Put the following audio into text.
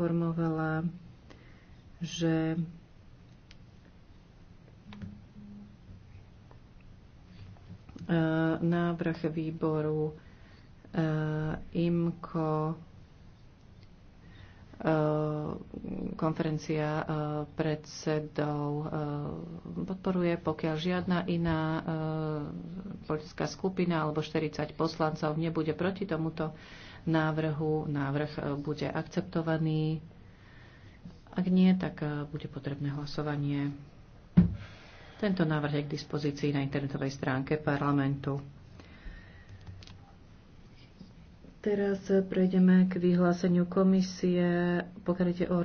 informovala, že e, návrh výboru e, IMCO e, konferencia predsedov podporuje, pokiaľ žiadna iná politická skupina alebo 40 poslancov nebude proti tomuto návrhu, návrh e, bude akceptovaný. Ak nie, tak e, bude potrebné hlasovanie. Tento návrh je k dispozícii na internetovej stránke parlamentu. Teraz e, prejdeme k vyhláseniu komisie, pokiaľ ide o